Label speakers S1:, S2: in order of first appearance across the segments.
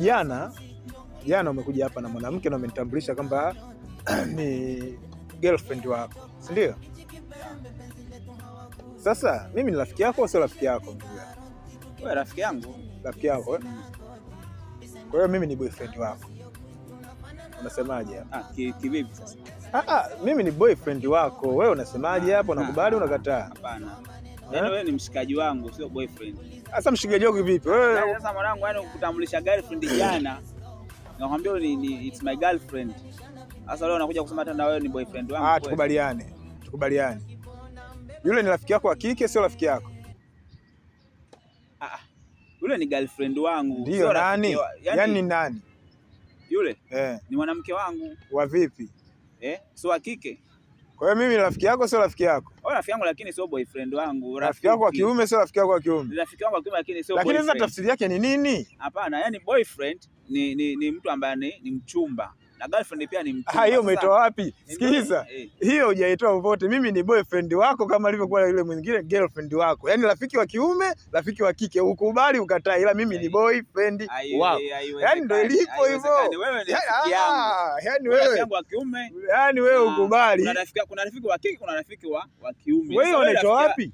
S1: jana jana umekuja hapa na mwanamke na umenitambulisha kwamba ni girlfriend wako, si ndio? Sasa mimi ni rafiki yako au sio rafiki yako?
S2: Wewe rafiki yangu,
S1: rafiki yako eh? Kwa hiyo mimi ni boyfriend wako, unasemaje hapo?
S2: Ah, kivipi sasa?
S1: Ah, ah, mimi ni boyfriend wako, wewe unasemaje hapo? Unakubali ah, unakataa?
S2: Hapana. Eh? Yaani wewe ni mshikaji wangu sio boyfriend.
S1: Sasa mshikaji wangu vipi?
S2: Wewe yaani sasa mwanangu yani ukutambulisha girlfriend jana. Nakwambia ni, ni it's my girlfriend. Sasa leo unakuja kusema hata na wewe ni boyfriend wangu. Ah,
S1: tukubaliane. Tukubaliane. Yule ni rafiki yako wa kike sio rafiki yako?
S2: Ah. ah. Yule ni girlfriend wangu.
S1: Ndio nani? Wa, yani, yani ni nani?
S2: Yule? Eh. Ni mwanamke wangu.
S1: Wa vipi?
S2: Eh? Sio wa kike?
S1: Kwa hiyo mimi rafiki yako sio rafiki yako.
S2: Wewe rafiki yangu lakini sio boyfriend wangu.
S1: Rafiki yako wa kiume sio rafiki yako wa kiume.
S2: Rafiki yangu wa kiume lakini sio
S1: boyfriend. Lakini sasa tafsiri yake ni nini?
S2: Hapana, yani boyfriend ni, ni, ni mtu ambaye ni, ni mchumba na girlfriend pia ni mtu.
S1: Hiyo umetoa wapi? Sikiliza, eh. hiyo hujaitoa popote. Mimi ni boyfriend wako kama alivyokuwa yule mwingine girlfriend wako, yaani rafiki wa kiume, rafiki wa kike, ukubali ukatai, ila mimi ni boyfriend wako. Yaani ndio ilipo hivyo,
S2: Wewe ni rafiki ah, yangu,
S1: yaani wewe rafiki wa kiume, yaani wewe ah, ukubali. Kuna
S2: rafiki kuna rafiki wa kike, kuna rafiki wa wa kiume.
S1: Wewe unaitoa wapi?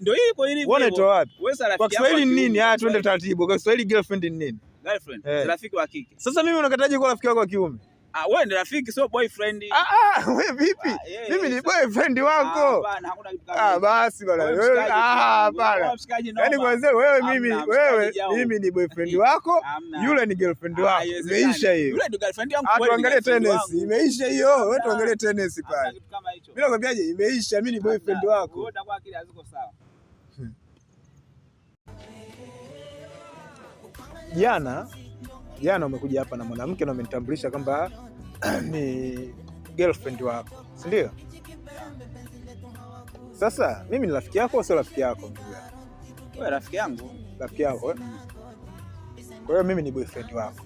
S2: Ndio hiyo iko ilivyo.
S1: Wewe unaitoa wapi? Kwa Kiswahili ni nini? Ah, twende taratibu. Kwa Kiswahili girlfriend ni nini?
S2: girlfriend, eh. rafiki wa kike.
S1: Sasa mimi unakataje kuwa rafiki wako wa kiume?
S2: Ah, wewe ndio rafiki sio boyfriend.
S1: Ah ah, wewe vipi? Ah, eh, yeah, ah, ah, yaani Mimi ni boyfriend wako. Ah basi bwana. Wewe ah hapana. Yaani kwanza wewe mimi wewe mimi ni boyfriend wako, yule ni girlfriend ah, wako. Imeisha hiyo.
S2: Yule ndio girlfriend yangu
S1: kweli. tuangalie tennis. Imeisha hiyo. Wewe tuangalie tennis pale. Mimi nakwambiaje imeisha, mimi ni boyfriend wako. Wewe utakuwa akili haziko sawa. jana jana umekuja hapa na mwanamke na umenitambulisha kwamba ni girlfriend wako, si ndio? Sasa mimi ni rafiki yako au sio rafiki yako?
S2: Wewe rafiki yangu,
S1: rafiki yako eh? Kwa hiyo mimi ni boyfriend wako,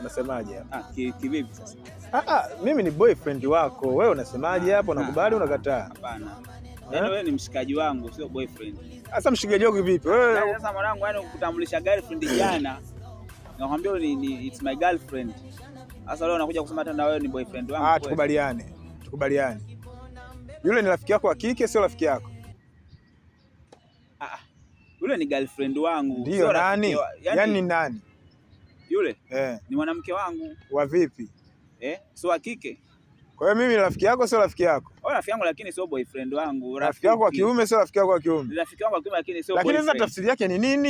S1: unasemaje hapo?
S2: Ah, kivipi sasa?
S1: Ah, ah, mimi ni boyfriend wako, wewe unasemaje hapo? Unakubali unakataa?
S2: Hapana, yaani eh? wewe ni mshikaji wangu, sio boyfriend.
S1: Sasa mshigaji wako vipi
S2: wewe? Sasa mwanangu, yani kutambulisha girlfriend jana. Nakwambia ni it's my girlfriend. Sasa leo nakuja kusema hata na wewe ni boyfriend wangu.
S1: Ah, tukubaliane. Tukubaliane. Yule ni rafiki yako wa kike sio rafiki yako?
S2: Ah. Yule ni girlfriend wangu.
S1: Ndio nani? Wa, yani, yani nani?
S2: Yule? Eh. Ni mwanamke wangu. Wa vipi? Eh? Sio wa kike?
S1: Kwa hiyo mimi rafiki yako sio rafiki yako.
S2: Wewe rafiki yangu lakini sio boyfriend wangu.
S1: Rafiki yako wa kiume sio rafiki yako wa kiume.
S2: Rafiki yangu wa kiume lakini sio
S1: boyfriend. Lakini sasa tafsiri yake ni nini?